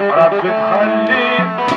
رب تخليك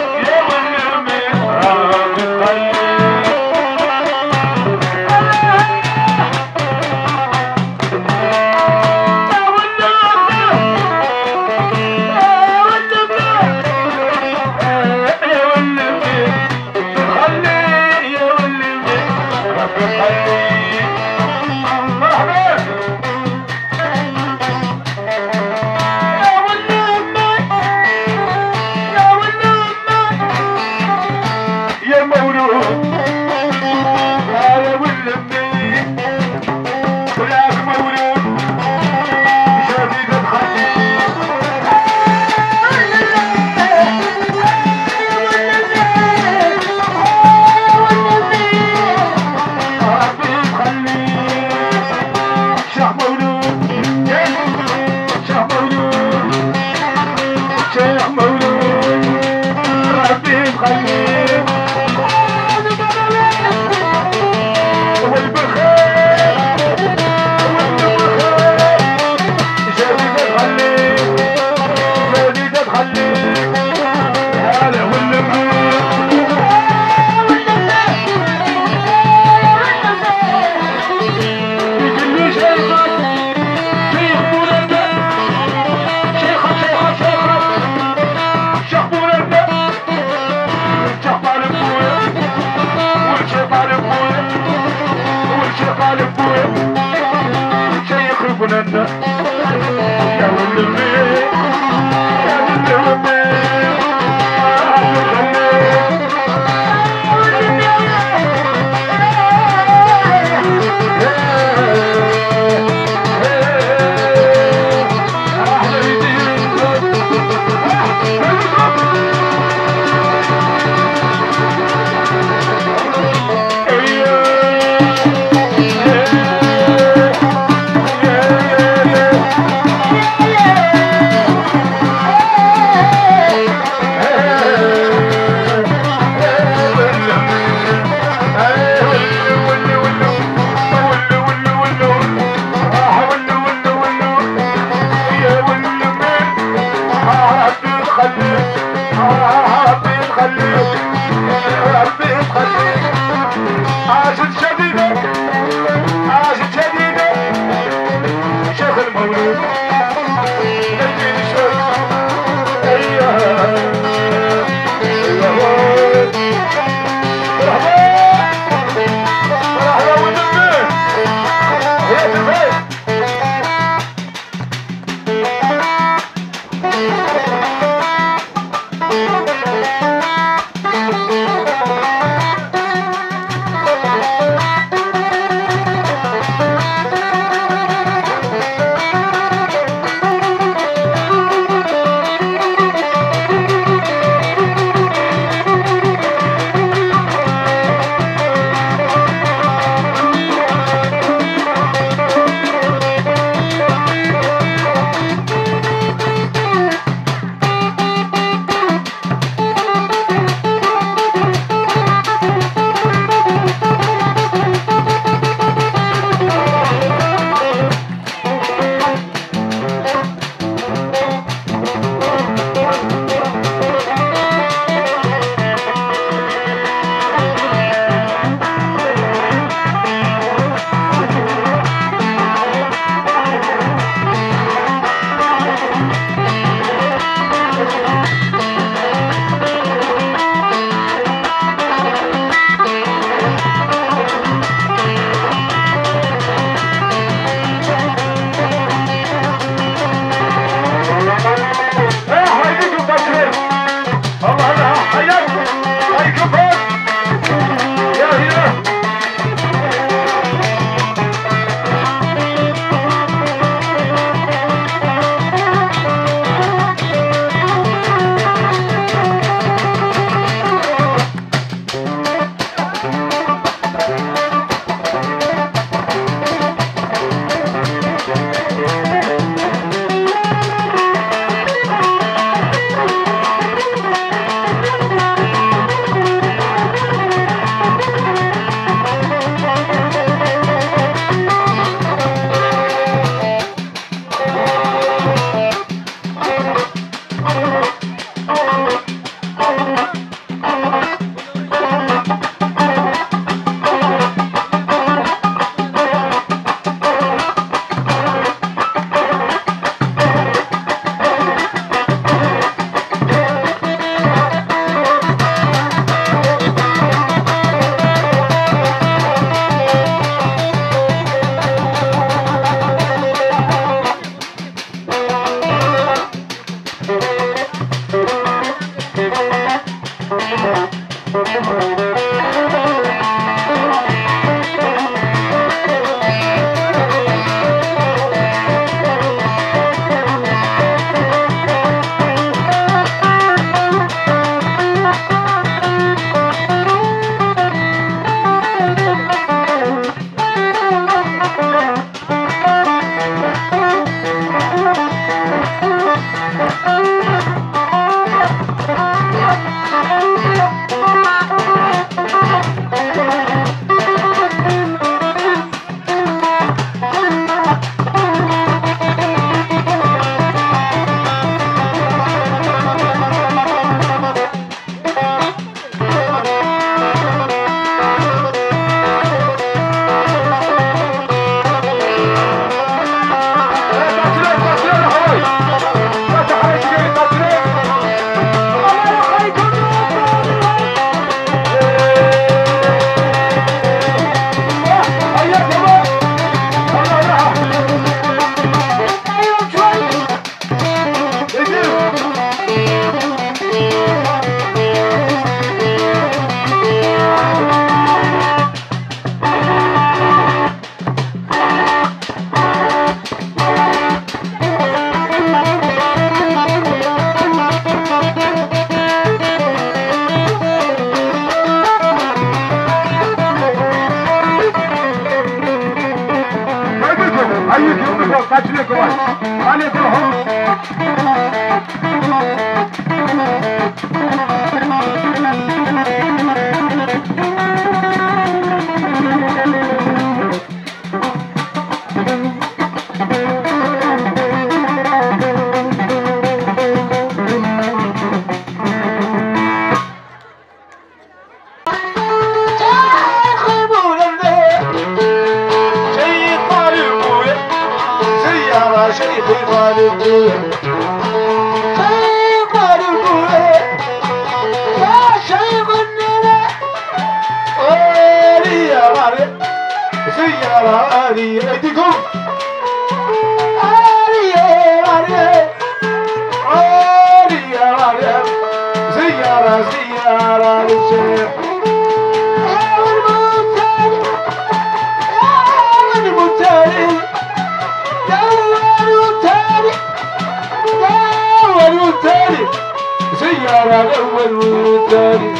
السيارة الأول والثاني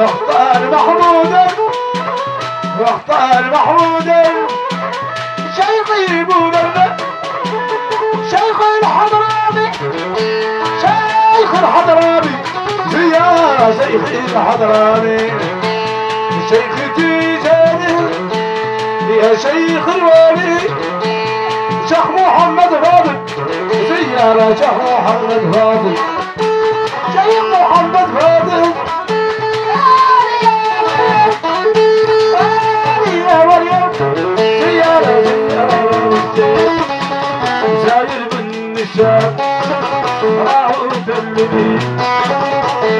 نختار محمودا نختار محمودا شيخي بولنا شيخ الحضرابي شيخ الحضرابي يا شيخ الحضرابي شيخ تيجاني يا شيخ الوالي شيخ محمد فاضل زيارة شيخ محمد فاضل الشام راهو مدلدي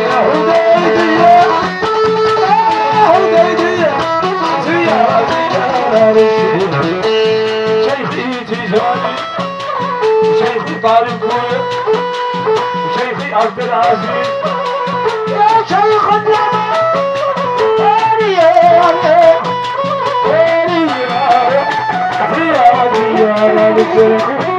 راهو دايدي راهو دايدي زيارتي انا رشدي شيخي تيجاني شيخي طارق شيخي عبد العزيز يا شيخ النعمة يا يا يا يا يا يا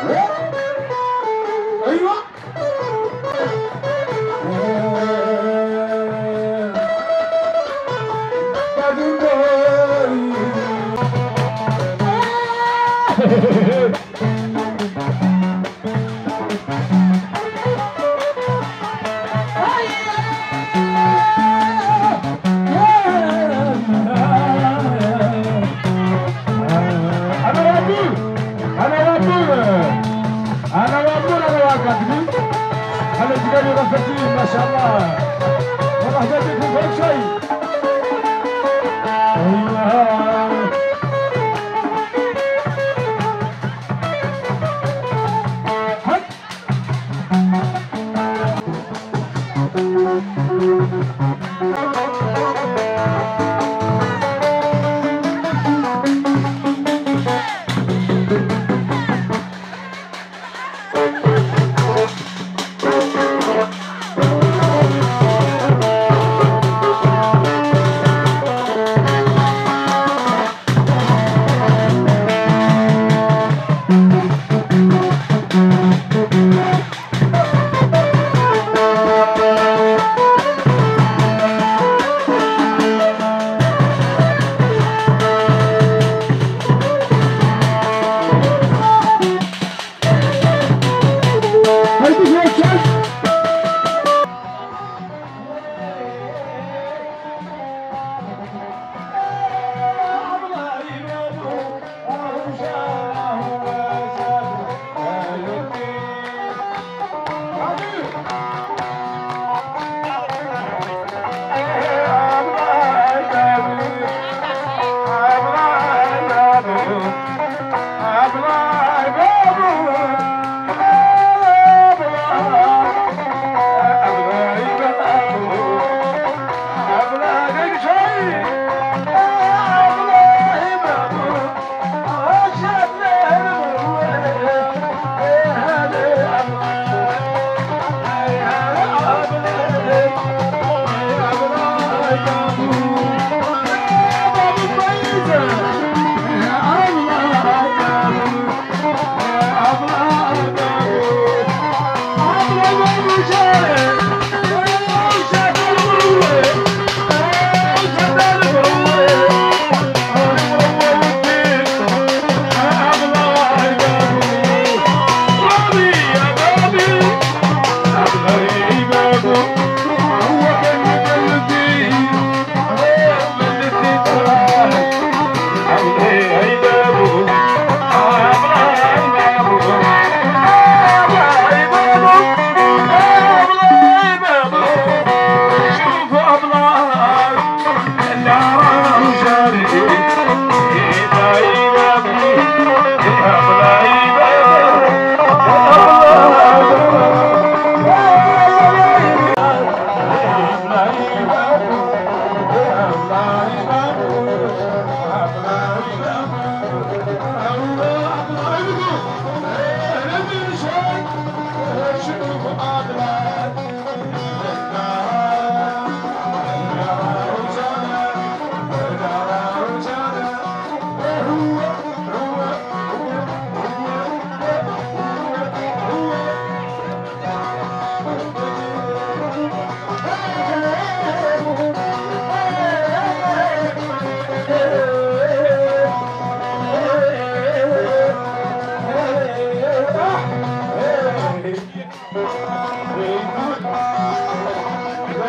Woo! chama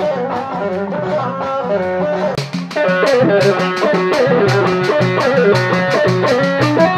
Thank you.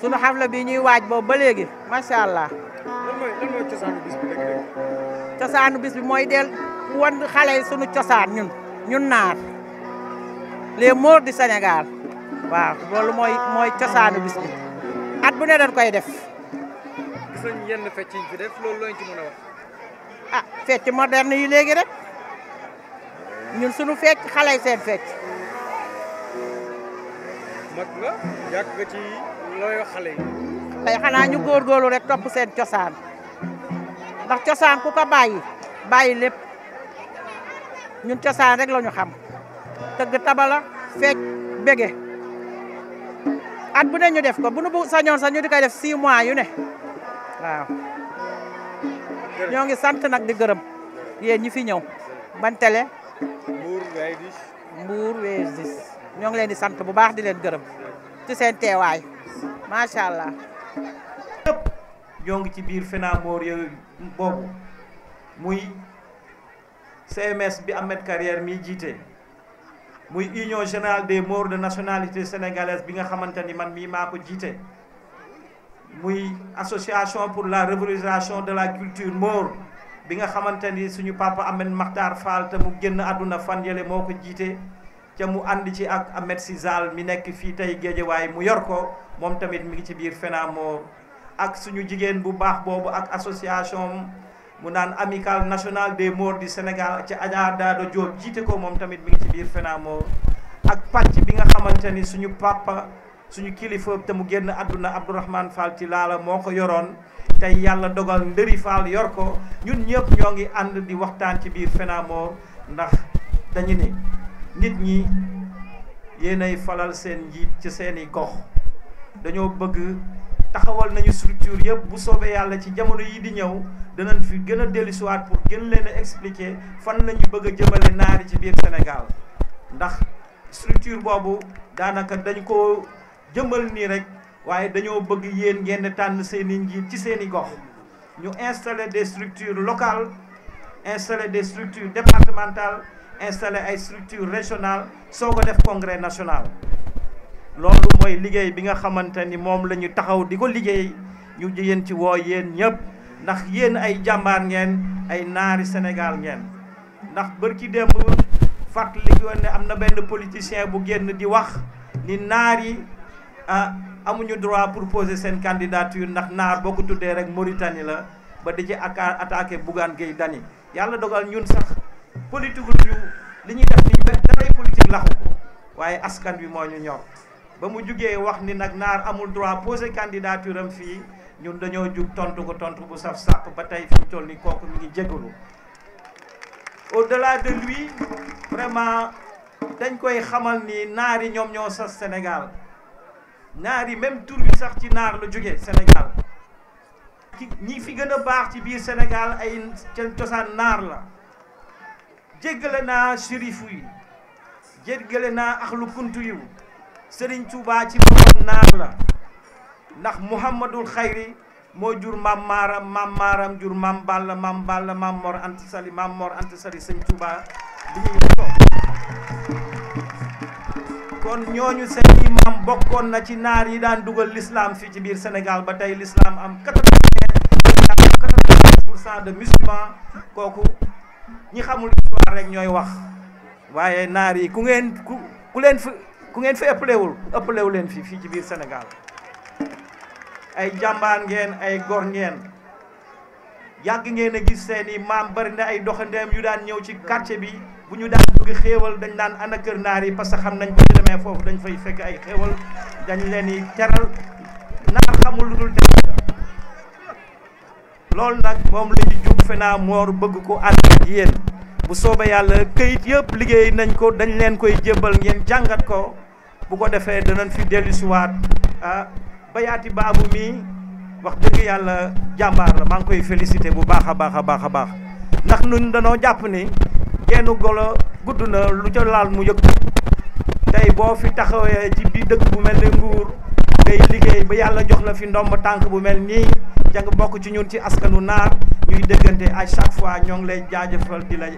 sunu xafla bi ñuy waaj boobu ba léegi macha allah. lan mooy mooy bis bi mooy del wan xale sunu cosaan ñun ñun naar les morts di Sénégal waaw loolu mooy mooy cosaanu bis at bu ne dañ koy def. gis nañ yenn fecc yi fi def a wax. ah fecc moderne yi léegi rek ñun sunu fecc xale yi seen fecc. mag nga yàgg nga looy wax xale yi. tey xanaa ñu góorgóorlu rek top seen ciosan ndax ciosan ku ko bayyi bayyi lepp ñun ciosan rek lañu xam teug tabala fecc bége at bu ne ñu def ko bu nu sañoon sa ñu dikay def 6 mois yu ne waaw. ñoo ngi sant nag di gërëm yéen ñi fi ñew ban télé. Mbour Weydis. Mbour Weydis ñoo ngi leen di sant bu baax di leen gërëm ci seen téway macha allah. ñëpp ñoo ci biir FENAMOR yooyu boobu muy CMS bi Ahmed Carrière mii jiite muy union générale de Maures de nationalité sénégalaise bi nga xamante ni man mii maa ko jiite. muy association pour la revalorisation de la culture maure bi nga xamante ni suñu papa Ahmed Makhtar Fall te mu génn àdduna fan yële moo ko jiite. ci mu and ci ak Ahmed Sizal mi fi tay tey way mu yor ko mom tamit mi ngi ci fena mo ak suñu jigen bu bax bobu ak association mu nan nasional national des morts du senegal ci Adja Dado job jiite ko mom tamit mi ngi ci fena mo ak pàcc bi nga xamanteni suñu papa suñu kilifa te mu genn aduna abdourahman Fall ci lala moko yoron tay yalla dogal ndëri Fall yor ko ñun ñepp ñongi and di waxtaan ci fena mo ndax dañu ni nit ñi yéenay falal seen njiit ci seeni gox dañoo bëgg taxawal nañu structure yëpp bu soobee yàlla ci jamono yi di ñëw danañ fi gën a dellusiwaat pour gën leen a expliquer fan lañu bëgg a jëmale naari ci biir Sénégal ndax structure boobu daanaka dañ ko jëmal nii rek waaye dañoo bëgg yéen ngeen tànn seeni njiit ci seeni gox ñu installer des structures locale installer des structures départementales installé ay structure régionale soko def congrès national loolu moy liggéey bi nga xamanteni mom lañu taxaw diko ko ñu yéen ci wo yeen ñep ndax yeen ay jambar ngeen ay naari Sénégal ngeen ndax bërki démb fàttali woon ne am na benn politicien bu genn di wax ni nari a amuñu droit pour poser sen candidature ndax naar boku tuddé rek Mauritanie la ba di ci attaquer Bougane Gueye dani yalla dogal ñun sax politique lu li ñuy def nii rek daray politique waaye askan wi moo ñu ñor ba mu jógee wax ni nag naar amul droit poser candidature am fii ñun dañoo jóg tontu ko tontu bu saf sàpp ba tey fi mu toll nii kooku mi ngi jégalu au-delà de lui vraiment dañ koy xamal ni naar yi ñoom ñoo sas Sénégal naar yi même tur bi sax ci naar la jóge Sénégal. ñi fi gën a baax ci biir Sénégal ay cosaan naar la. jéggale naa shérifu yi jéggale naa axlu kuntu yu sëriñ ci borom naar la ndax muhammadul xayri moo jur maam maaram maam maaram jur maam balla maam balla maam mor ant maam mor ant sali sëñ Tuubaa di ñu ñooñu seen imam bokkoon na ci naar yi daan dugal l'islam fii ci biir Sénégal ba tey l'islam am quatre vingt kooku ñi xamul histoire rek ñooy wax waaye naar yi ku ngeen ku ku leen fi ku ngeen fi ëppalewul ëppalewu leen fi fii ci biir Sénégal ay jàmbaar ngeen ay gor ngeen yàgg ngeen a gis seeni maam bari na ay doxandeem yu daan ñëw ci quartier bi bu ñu daan bëgg xéewal dañ daan ana kër naar yi parce que xam nañ bu demee foofu dañ fay fekk ay xéewal dañ leen yi teral naar xamul lu dul teral loolu nag moom la ñu defe naa moor bëgg ko ànd ak yéen bu soobee yàlla këyit yëpp liggéey nañ ko dañ leen koy jébbal ngeen jàngat ko bu ko defee danañ fi dellusiwaat ah bayaati baabu mii wax dëgg yàlla jàmbaar la maa ngi koy félicité bu baax a baax a baax a baax ndax nun danoo jàpp ni geenu golo gudd na lu ca laal mu yëg tey boo fi taxawee ci bi dëkk bu mel ni Mbuur ngay liggéey ba yalla jox la fi ndomb tank bu mel ni jang bok ci ñun ci askanu nar ñuy deggante à chaque fois ñong lay jaajeufal di la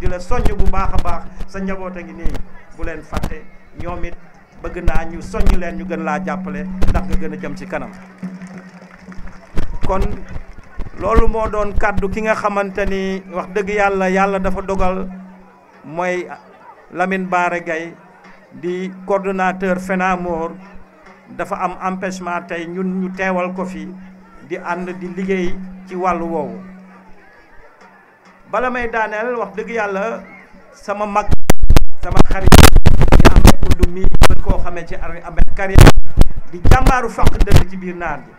di la soññ bu baaxa baax sa njabota ngi ni bu len faté ñomit bëgg na ñu soñu len ñu gën la jappalé ndax nga gën jëm ci kanam kon lolu mo doon kaddu ki nga xamanteni wax deug yalla yalla dafa dogal moy Lamine bare gay di coordinateur FENAMOR dafa am empêchement tey ñun ñu teewal ko fi di ànd di liggéey ci wàllu woowu bala may daaneel wax dëgg yàlla sama mag sama xarit di amee kudd koo xamee ci amee carrière di jàmbaaru faq dëgg ci biir naar bi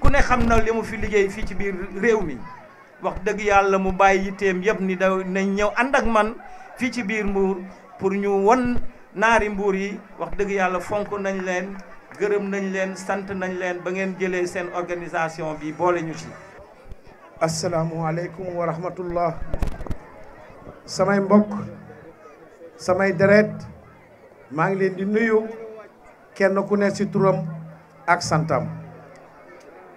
ku ne xam na li mu fi liggéey fii ci biir réew mi wax dëgg yàlla mu bàyyi yiteem yëpp ni da nañ ñëw ànd ak man fii ci biir Mbuur pour ñu won naar naari mbuur yi wax dëgg yàlla fonk nañ leen gërëm nañ leen sant nañ leen ba ngeen jëlee seen organisation bi boole ñu ci. asalaamualeykum wa rahmatullah samay mbokk samay deret maa ngi leen di nuyu kenn ku nekk ci turam ak santam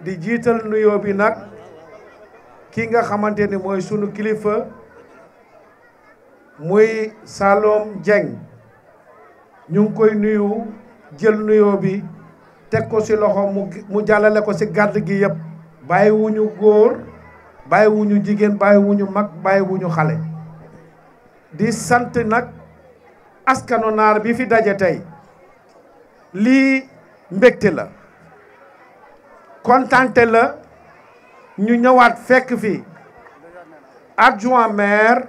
di jiital nuyoo bi nag ki nga xamante ni mooy sunu kilifa muy Saloum Dieng. ñu ngi koy nuyu jël nuyoo bi teg ko ci loxo jàllale ko ci garde gi yëpp bàyyi wuñu góor bàyyi wuñu jigéen bàyyi wuñu mag bàyyi wuñu xale di sant nag askanu naar bi fi daje tey lii mbégte la kontante la ñu ñëwaat fekk fi adjoint maire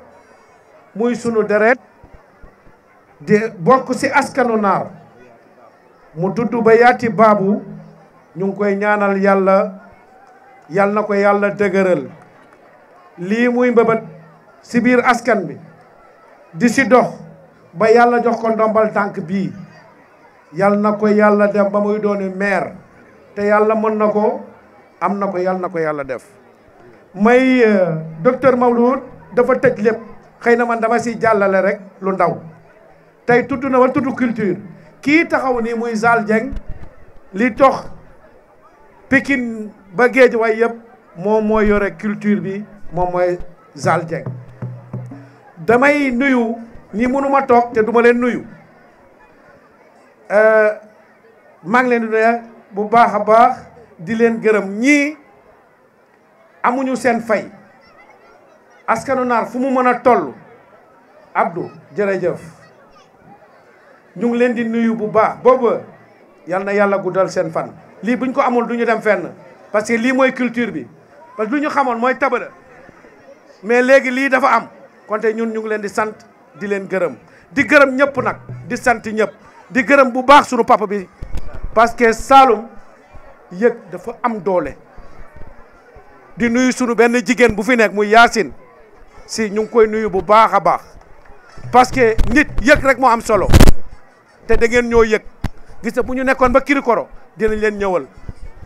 muy sunu deret di bokk ci askanu naar mu tudd ba yaati baabu ñu ngi koy ñaanal yàlla yàlla na ko yàlla dëgëral lii muy mbëbët ci biir askan bi di ci dox ba yàlla jox ko ndombal tànk bii yàlla na ko yàlla def ba muy dooni maire te yàlla mën na ko am na ko yàlla na ko yàlla def may euh, docteur Mawlud dafa tëj lépp xëy na man dama ci jàllale rek lu ndaw tey tudd na wala tudd culture kii taxaw nii muy Zal Dieng li tox pikin ba géej way yëpp moo mooy yore culture bi moom mooy Zal Dieng damay nuyu ñi mënuma toog te duma leen nuyu euh, maa ngi leen di nuyu bu baax a baax di leen gërëm ñii amuñu seen fay askanu naar fu mu mën a toll Abdou jërëjëf ñu ngi leen di nuyu bu baax booba yal na yàlla guddal seen fan lii buñ ko amul duñu dem fenn parce que lii mooy culture bi parce que lu ñu xamoon mooy tabara mais léegi lii dafa am konte ñun ñu ngi leen di sant di leen gërëm di gërëm ñëpp nag di sant ñëpp di gërëm bu baax suñu papa bi parce que Saloum yëg dafa am doole di nuyu suñu benn jigéen bu fi nekk muy Yacine si ñu ngi koy nuyu bu baax a baax parce que nit yëg rek moo am solo te da ngeen ñoo yëg gis na bu ñu nekkoon ba kirikoro dinañ leen ñëwal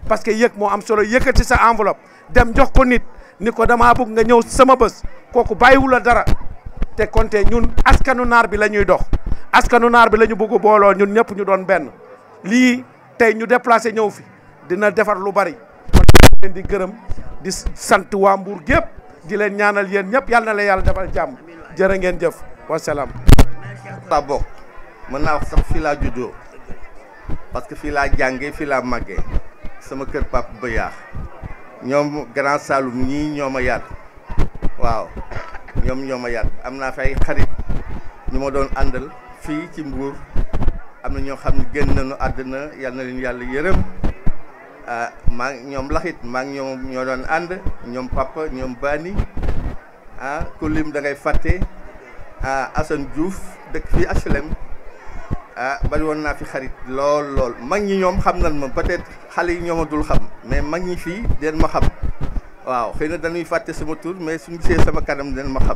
parce que yëg moo am solo yëkkati sa enveloppe dem jox ko nit ni ko damaa bëgg nga ñëw sama bés kooku bàyyiwu la dara te konte ñun askanu naar bi la ñuy dox askanu naar bi la ñu bëgg booloo ñun ñëpp ñu doon benn lii tey ñu déplacé ñëw fi dina defar lu bari leen di gërëm di sant waa Mbour gépp di leen ñaanal yéen ñëpp yàlla na la yàlla defal jàmm jërë ngeen jëf wasalaam mën wax sax fi la jojo parce que fi la jangé nyom la maggé sama kër Pape yaax ñom Grand salum ñi ñoma yaat waaw ñom ñoma yaat amna fay xarit ñuma ma doon andal fi ci Mbour amna ño xamni genn nañu aduna yalla na leen yalla ah ma ñom doon and ñom papa ñom bani ah kulim lim da ngay faté ah Assane Diouf dekk fi HLM. ah bari woon naa fi xarit lool lool mag ñi ñoom xam nan ma peut-être xale yi ñoom a dul xam mais mag ñi fii den ma xam waaw xëy na dañuy fàtte sama tur mais suñu gisee sama kanam den ma xam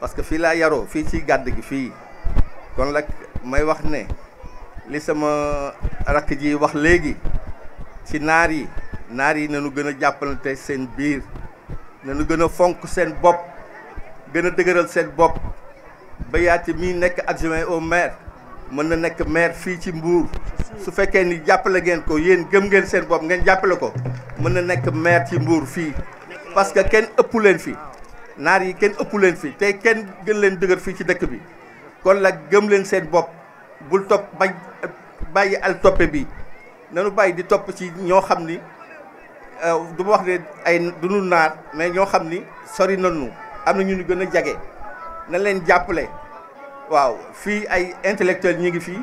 parce que fii laa yaroo fii ci gàdd gi fii kon nag may wax ne li sama rakk ji wax léegi ci naar yi naar yi nañu gën a jàppalante seen biir nu gën a fonk seen bopp gën a dëgëral seen bopp ba yaati mii nekk adjoint au maire mën na nekk maire fii ci mbuur su fekkee ni jàppale ngeen ko yéen gëm ngeen seen bopp ngeen jàppale ko mën na nekk maire ci Mbour fii parce que kenn ëpp leen fi naar yi kenn ëpp leen fii tey kenn gën leen dëgër fii ci dëkk bi kon la gëm leen seen bopp bul topp bañ bàyyi al toppe bi nanu bàyyi di topp ci ñoo xam ni euh, du wax ne ay du nu naar mais ñoo xam ni sori nañu am na ñu ñu gën a jage na leen jàppale waaw fii ay intellectuel ñi ngi fii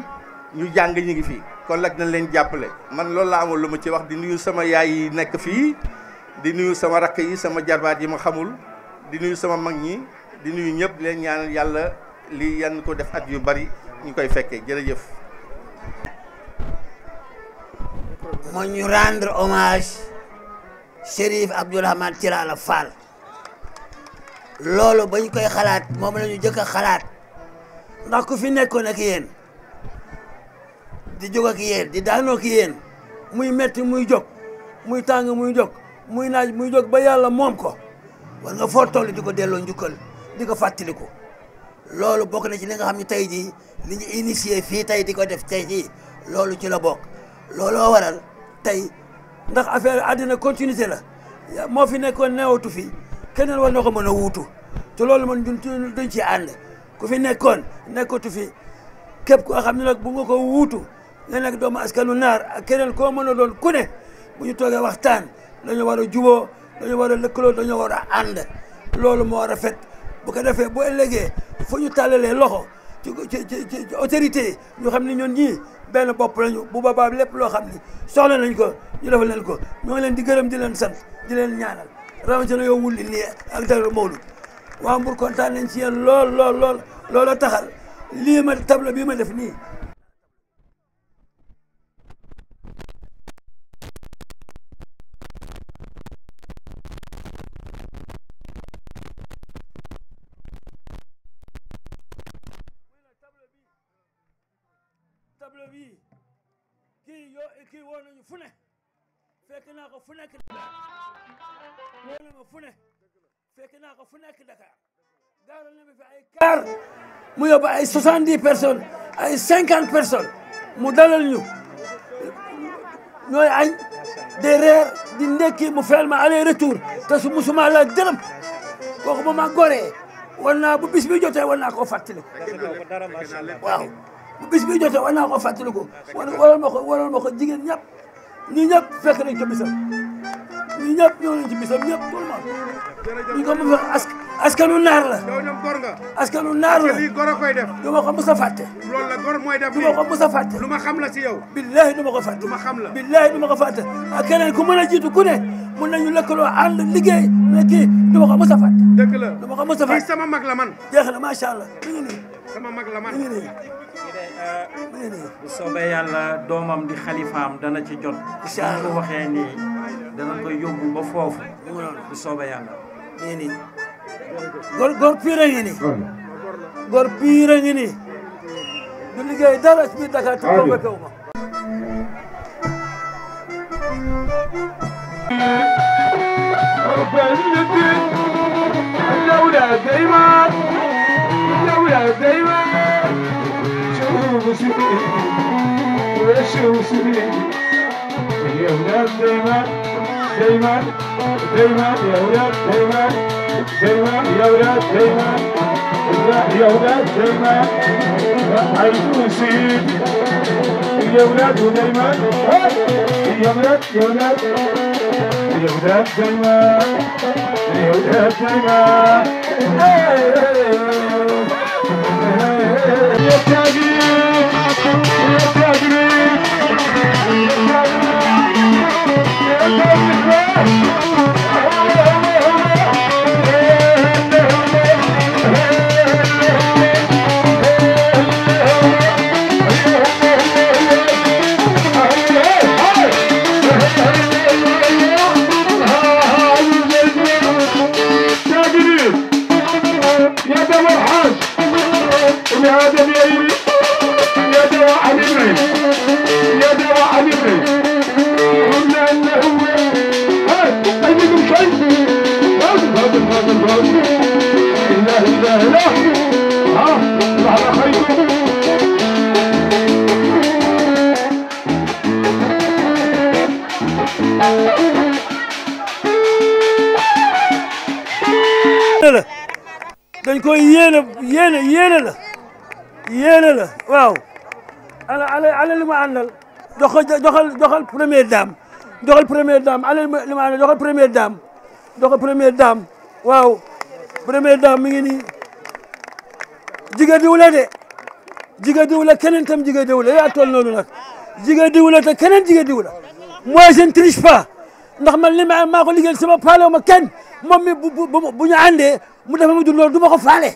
ñu jàng ñi ngi fii kon nag dañ leen jàppale man loolu laa amul lu ma ci wax di nuyu sama yaay yi nekk fii di nuyu sama rakk yi sama jarbaat yi ma xamul di nuyu sama mag ñi di nuyu ñëpp leen ñaanal yàlla li yan ko def at yu bari ñu koy fekkee jërëjëf. moo ñu rendre hommage Chérif Abdourahmane Tirala Fall loolu bañ koy xalaat moom la ñu ndax ku fi nekkoon ak yéen di jóg ak yéen di daanoo ak yéen muy metti muy jóg muy tàng muy jog muy naaj muy jóg ba yàlla moom ko war nga foo toll di ko delloo njukkal di ko fàttaliku loolu bokk na ci li nga xam ne tey jii li ñu initié fii tey di ko def tey jii loolu ci la bokk looloo waral tey ndax affaire àddina continuité la moo fi nekkoon neewatu fi keneen war na ko mën a wuutu te loolu man duñ duñ ci ànd ku fi nekkoon nekkatu fi képp koo xam ne nag bu nga ko wuutu ne nekk doomu askanu naar ak keneen koo mën a doon ku bu ñu toogee waxtaan dañoo war a juboo dañoo war a lëkkaloo dañoo war a ànd loolu moo rafet bu ko defee bu ëllëgee fu ñu tàllalee loxo ci ci ci autorité yi ñu xam ne ñoon ñii benn bopp lañu bu boobaa lépp loo xam ne soxla nañ ko ñu defal ko ñoo ngi leen di gërëm di leen sant di leen ñaanal rawatina yow wulli nii ak dara Mawlud waa Mbour kontaan nañ ci yéen lool lool lool loola taxal lii ma table bii ma def nii table bi kii yo kii fekk naa ko fu nekk fekk naa ko fu nekk Dakar gaaral na mi fi ay car mu yóbbu ay soixante-dix personnes ay cinquante personnes mu dalal ñu ñooy añ di reer di ndekki mu feel ma aller retour te su musuma la dërëm kooku ba ma goree war naa bu bis bi jotee war naa koo fàttali waaw bu bis bi jotee war naa koo fàttali ko waral ma ko waral ma ko jigéen ñëpp ñi ñëpp fekk nañ ko bisam ñëpp ñëw nañ ci bisam ñëpp tout le monde ñu ko mu as askanu naar la. yow ñoom gor nga. askanu naar la lii gor a koy def. du ma ko mës a fàtte. loolu la gor mooy def lii du ma ko mës a fàtte. lu ma xam la si yow. billahi du ma ko fàtte. lu ma xam la billahi du ma ko fàtte. ak keneen ku mën a jiitu ku ne mun nañu lëkkaloo ànd liggéey mais kii du ma ko mës a fàtte. dëgg la du ma ko mës a fàtte. kii sama mag la man. jeex na macha allah mi ngi nii. sama mag la man mi ngi nii. bu soobee yàlla doomam di xalifaam dana ci jot. incha allah bu waxee nii. danañ koy yóbbu ba foofu. mu noonu bu soobee yàlla. ñu ngi nii góor góor pire ngi nii. góor pire ngi nii. du liggéey dara si biir Dakar te ko wekkewu ma. دولة دايما دولة دايما شوفوا سنين وشوفوا سنين يا ولاد دايما Seymen, Seymen, Yahuda, Seymen, Seymen, Yahuda, Seymen, Yahuda, Seymen, Ayşun Seyit, Yahuda, Seymen, Yahuda, Yahuda, Yahuda, Seymen, Yahuda, Seymen, Hey, hey, hey, hey, hey, hey, hey, hey, hey, hey, joxal joxal première dame joxal première dame alal limaane joxal première dame joxal première dame waaw première dame mi ngi nii jiga diw la de jiga diw la keneen tam jiga diw la yaa toll noonu nag jiga diw la te keneen jiga diw la moi je ne triche pas ndax man li ma maa ko liggéeyal sama paale ma kenn moom mi bu bu bu ñu àndee mu dafa ma jur loolu du ma ko faale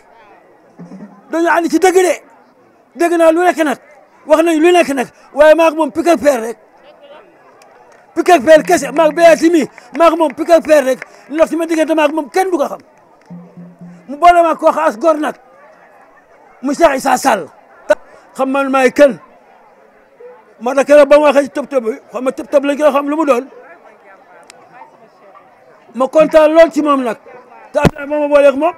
dañu ànd ci dëgg de dëgg naa lu nekk nag لي واخنا يلينا كنك واي ماغمون بيكر بير رك بيكر بير كاس ماغ بياتي مي ماغمون بيكر بير رك نلاتي ما ديغي ماغمون كين دوغا خم مبالا ما كوخ اس غور نك مشاعي ساسال خمان ما يكل ما داك لا با واخا توب توب خما توب توب لا غير خم لو مودون ما كونتا لون سي مام نك تا ماما بوليك مام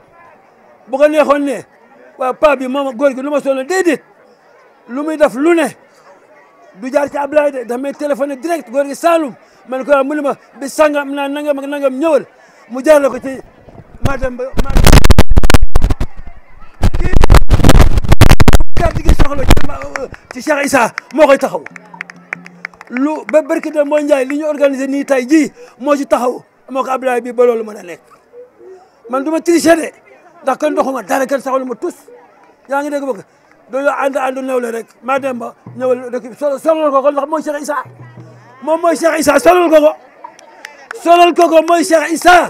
بوغا نيهون ني وا بابي ماما غور لو ما سولو ديديت lu muy def lu ne du jaar ci Ablaye de damay téléphoné direct góor gi Saloum man ko waa mu ne ma bi sangam naa nangam ak nangam ñëwal mu jaarale ko ci madame ba madame kii kàddu gi moo koy taxaw lu ba barki de moo Ndiaye li ñu organisé nii tay jii moo ci taxaw moo ko Ablaye bi ba loolu mën a nekk man du ma triché de ndax kenn doxuma dara kenn saxalu ma tus yaa ngi dégg bëgg dañoo ànd àndu nawle rek maa dem ba ñëwal rek solal solal ko ko ndax mooy Cheikh Issa moom mooy Cheikh Issa solal ko ko solal ko ko mooy Cheikh Issa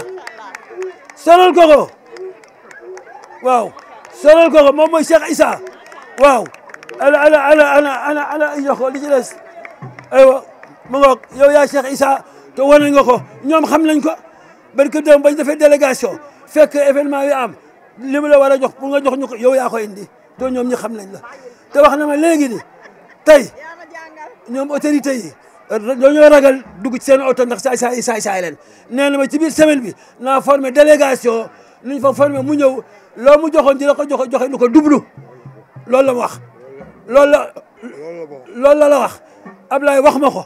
solal ko ko waaw solal ko ko moom mooy Cheikh Issa waaw ana ana ana ana ana ana jox ko li ci des aywa mu ngoog yow yaa Cheikh Issa te wane nga ko ñoom xam nañ ko barke dem bañ defee délégation fekk événement yi am li mu la war a jox pour nga jox ñu ko yow yaa ko indi doo ñoom ñu xam nañ la te wax na ma léegi ni tey ñoom autorité yi dañoo ragal dugg ci seen oto ndax saay saay saay saay leen nee na ma ci biir semaine bi naa formé délégation nuñ fa formé mu ñëw loo mu joxoon di la ko joxe joxe du ko dublu loolu la mu wax loolu la loolu la la wax Ablaye wax ma ko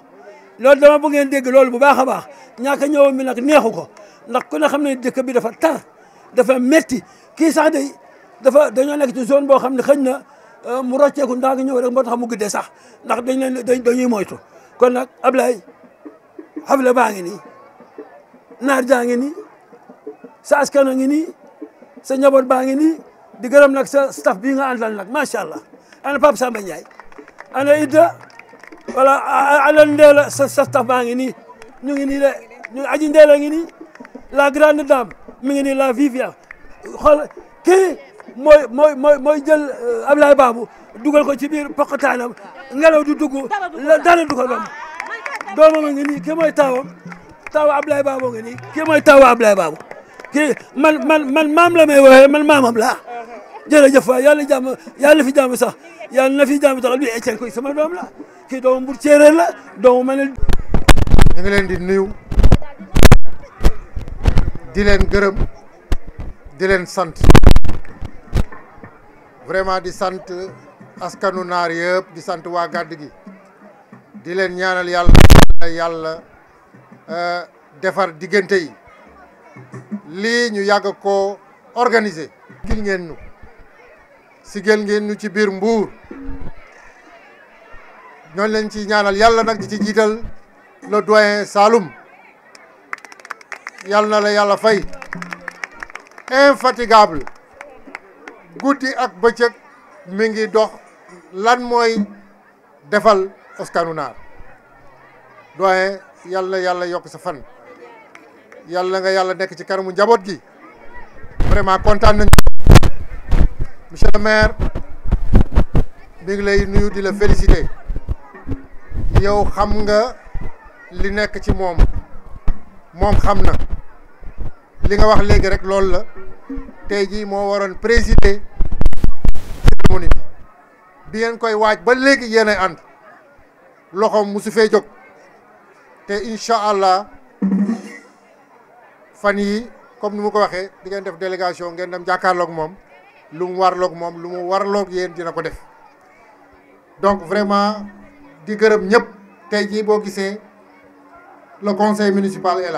loolu dama bu ngeen dégg loolu bu baax a baax ñaaka ñëwoon bi nag neexu ko ndax ku ne xam ne dëkk bi dafa tar dafa metti kii sax day dafa dañoo nekk ci zone boo xam ne xëñ na euh, mu rocceeku ndaa nga ñëw rek moo tax mu sax ndax dañ leen dañuy moytu kon nag Ablaye xafla baa ngi ni naar jaa ngi nii sa askano ngi ni sa njaboot baa ngi ni di gërëm nag sa staff bii nga nag macha allah ana Pape Samba baa ngi nii ñu ngi nii de ñu aji Ndéela ngi ni la grande dame mi ngi ni la Viviane xool mooy mooy mooy mooy jël euh, Ablaye Babou dugal ko ci biir poqataanam ngelaw du dugg dara du ko dom doomam nga nii kii mooy taawam taawu Ablaye Babou nga nii kii mooy taawu Ablaye Babou kii man man man maam la may woowee man maamam laa jërëjëf waay yàlla jàmm yàlla fi jàmm sax yàlla na fi jàmm sax luy Etienne koy sama doom la kii doomu Mbour Séeréer la doomu ma ne di nuyu di leen gërëm di leen sant vraiment di sant askanu naar yëpp di sant waa gàdd gi di leen ñaanal yàlla yàlla euh, defar diggante yi lii ñu yàgg ko organiser sigil ngeen nu sigil ngeen nu ci biir mbuur ñooñu leen ci ñaanal yàlla nag di ci jiital le doyen Saloum yàlla na la yàlla fay infatigable guddi ak bëccëg mi ngi dox lan mooy defal askanu naar doyen yàlla yàlla yokk sa fan yàlla nga yàlla nekk ci kanamu njaboot gi vraiment kontaan nañu monsieur le maire mi ngi lay nuyu di la féliciter yow xam nga li nekk ci moom moom xam na li nga wax léegi rek loolu la tey jii moo waroon présider cérémonie bi bi ngeen koy waaj ba léegi yéen ay ànd loxoom musu fee jóg te incha allah fan yi comme ni mu ko waxee di ngeen def délégation ngeen dem jàkkaarloog moom lu mu warloog moom lu mu warloog yéen dina ko def donc vraiment di gërëm ñépp tey jii boo gisee le conseil municipal est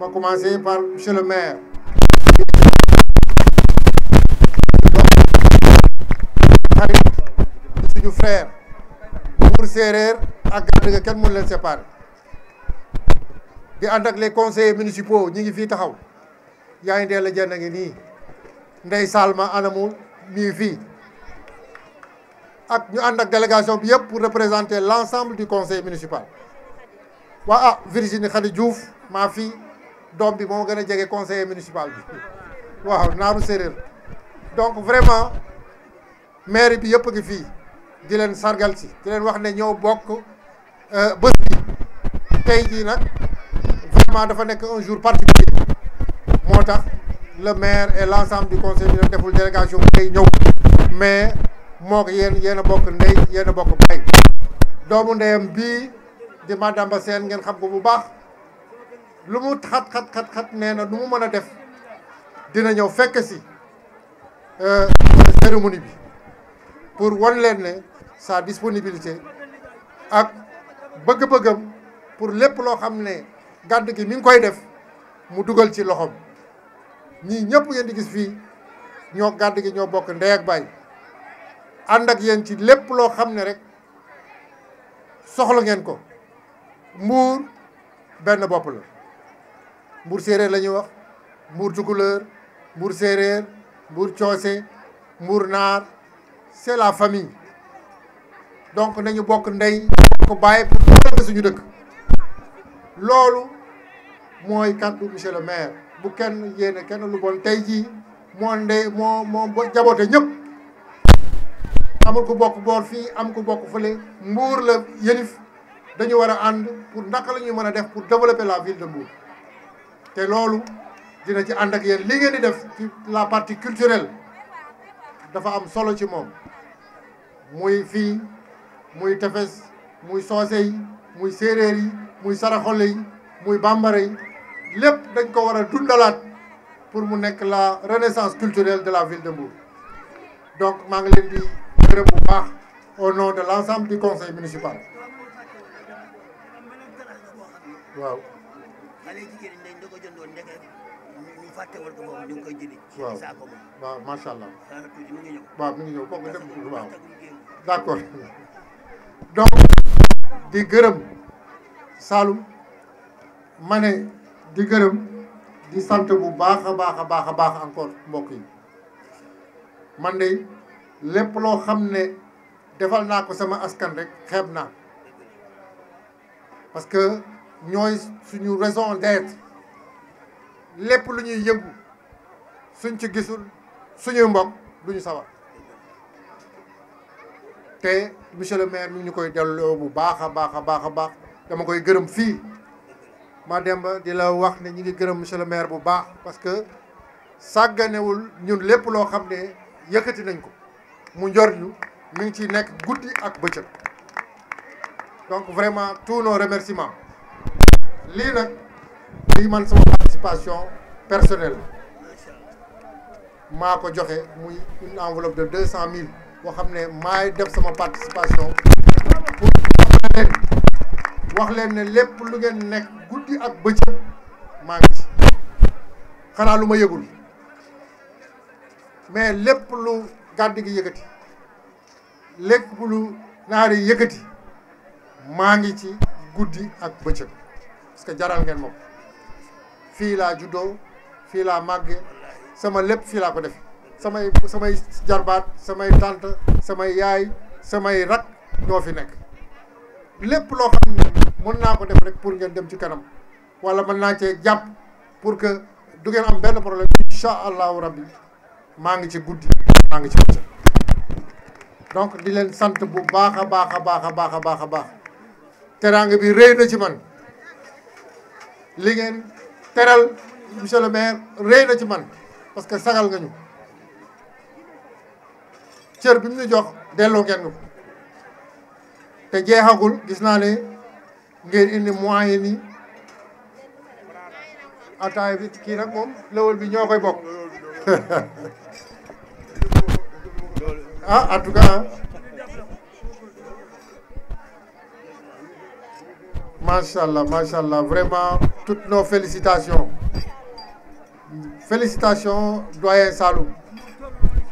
va commencer par Monsieur le maire. suñu frère pour serrer ak Gàdd ga kenn mënu leen séparé di les conseillers municipaux ñi ngi fii taxaw yaa ngi dee la jenn ngi nii Salma À mii fii ak ñu délégation bi pour représenter l'ensemble du conseil municipal Waah, ah, Virginie Khady ma fille, doom bi moo gën a jege conseiller municipal bi waaw naaru séeréer donc vraiment maire bi yëpp a ngi fii di leen sargal si di leen wax ne ñëw bokk euh, bés bi tey jii nag vraiment dafa nekk un jour particulier moo tax le maire et l' ensemble du conseil bi deful délégation bi tey ñëw mais moo ko yéen yéen bokk ndey yéen bokk baay doomu ndeyam bii di madame seen ngeen xam ko bu baax lu mu xat xat xat xat nee na nu mu mën a def dina ñëw fekk si euh, cérémonie bi pour wan leen ne sa disponibilité ak bëgg-bëggam pour lépp loo xam ne gàdd gi mi ngi koy def mu dugal ci loxoom ñii ñëpp ngeen di gis fii ñoo gàdd gi ñoo bokk ndey ak baay ànd ak yéen ci lépp loo xam ne rek soxla ngeen ko mbuur benn bopp la mbuur séeréer lañu wax mbuur tukuleur mbuur séeréer mbuur coose mbuur nar c'est la famille donc nañu bok ndey ko baye pour développer suñu dëkk lolu moy kaddu monsieur le maire bu kenn yéene kenn lu bon tay ji mo ndey mo mo jaboté ñëpp amul ku bok bor fi am ku bok fele mbuur la yelif dañu wara and pour nak lañu mëna def pour développer la ville de Mbour té lolu dina ci and ak yeen li ngeen di def ci la partie culturelle dafa am solo ci mom muy fi muy tefes muy sosé yi muy séréer yi muy saraxolé yi muy bambaré yi lepp dañ ko wara dundalat pour mu nek la renaissance culturelle de la ville de Mbour donc ma ngi leen di gërëm bu baax au nom de l'ensemble du conseil municipal Wow. xale da ko jëndoon ndeke ñu fàtte woon koy jëli waaw waaw macha allah tuuti mu ngi ñëw waaw mu ngi ñëw kooku d'accord donc di gërëm Saloum ma ne di gërëm di sant bu baax a baax a baax a baax encore mbokk yi man de lépp loo xam ne defal naa ko sama askan rek xeeb naa parce que ñooy suñu raison d'être lépp lu ñuy yëngu suñ ci gisul suñuy mbom mbokk ñu sawar te monsieur le maire mi ngi ñu koy delloo bu baax a baax a baax a baax dama koy gërëm fii ma demba di la wax ne ñi ngi gërëm monsieur le maire bu baax parce que sàgganewul ñun lépp loo xam ne yëkkati nañ ko mu njor ñu mi ngi ci nekk guddi ak bëccëg donc vraiment tous nos remerciements lii nag sama participation personnelle maa ko une enveloppe de 200 000. mille boo xam ne maay def participation pour leen wax leen ne lépp lu ngeen nekk guddi ak bëccëg maa ngi ci xanaa lu ma yëgul mais lépp lu gàdd gi yëkkati lépp lu naari yëkkati maa ngi ci guddi ak bëccëg que jaral ngeen mom fi la laa fi la magge sama lepp sama la ko def sama sama jarbat sama tante sama yaay sama rak do fi nek lepp lo xam mën na ko def rek pour ngeen dem ci kanam wala mën na ci japp pour que du ngeen am benn problème insha allah rabbi ma ngi ci goudi ma ngi ci donc di leen sant bu baax a baax a baax a bi rëy ci li ngeen teral monsieur le maire rëy na ci man parce que sagal nga ñu cër bi mu ñu jox delloo ngeen ko te jeexagul gis naa ne ngeen indi moyens yi ataay bi kii nag moom lawal bi ñoo koy bokk ah en tout cas Machallah, machallah, vraiment, toutes nos félicitations. Félicitations, doyen Salou.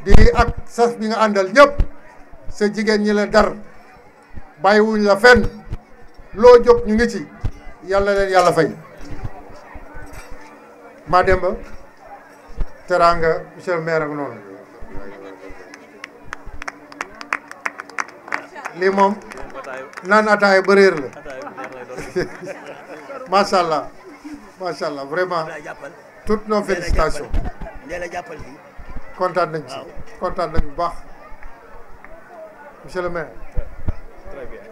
di ak sas bi nga andal ñep sa jigen ñi la dar bàyyiwuñ la fenn lo jop ñu ngi ci yalla leen yalla fay Mademba teranga monsieur maire ak non li mom nan ataay ba la macha allah macha allah vraiment toutes nos félicitations. nee na jàppal fii. kontaan nañ ci kontaan nañ bu baax monsieur le maire. très bien.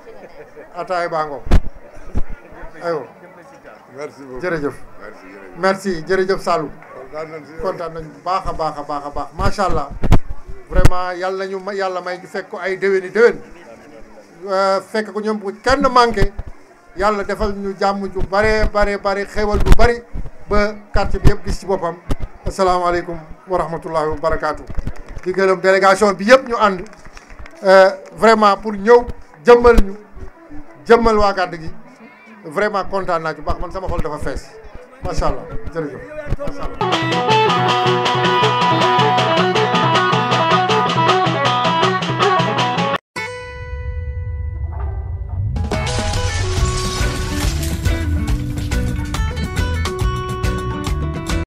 ataay baa ngoog aywa. merci beaucoup jërëjëf. merci jërëjëf Saloum. kontaan nañ bu baax a baax a baax a macha allah. vraiment yàlla nañu yàlla may ñu fekk ko ay déwéni déwén. Euh, fekk ko ñoom bu kenn manqué. yàlla defal ñu jàmm ju bare bare bare xéewal bu bari ba kart bi yëpp gis ci boppam asalaamaaleykum wa rahmatullahi wa barakaatu. di gërëm délégation bi yëpp ñu ànd euh, vraiment pour ñëw jëmmal ñu jëmmal waa gàdd gi vraiment kontaan naa ci baax man sama xol dafa fees macha allah jërëjëf macha allah.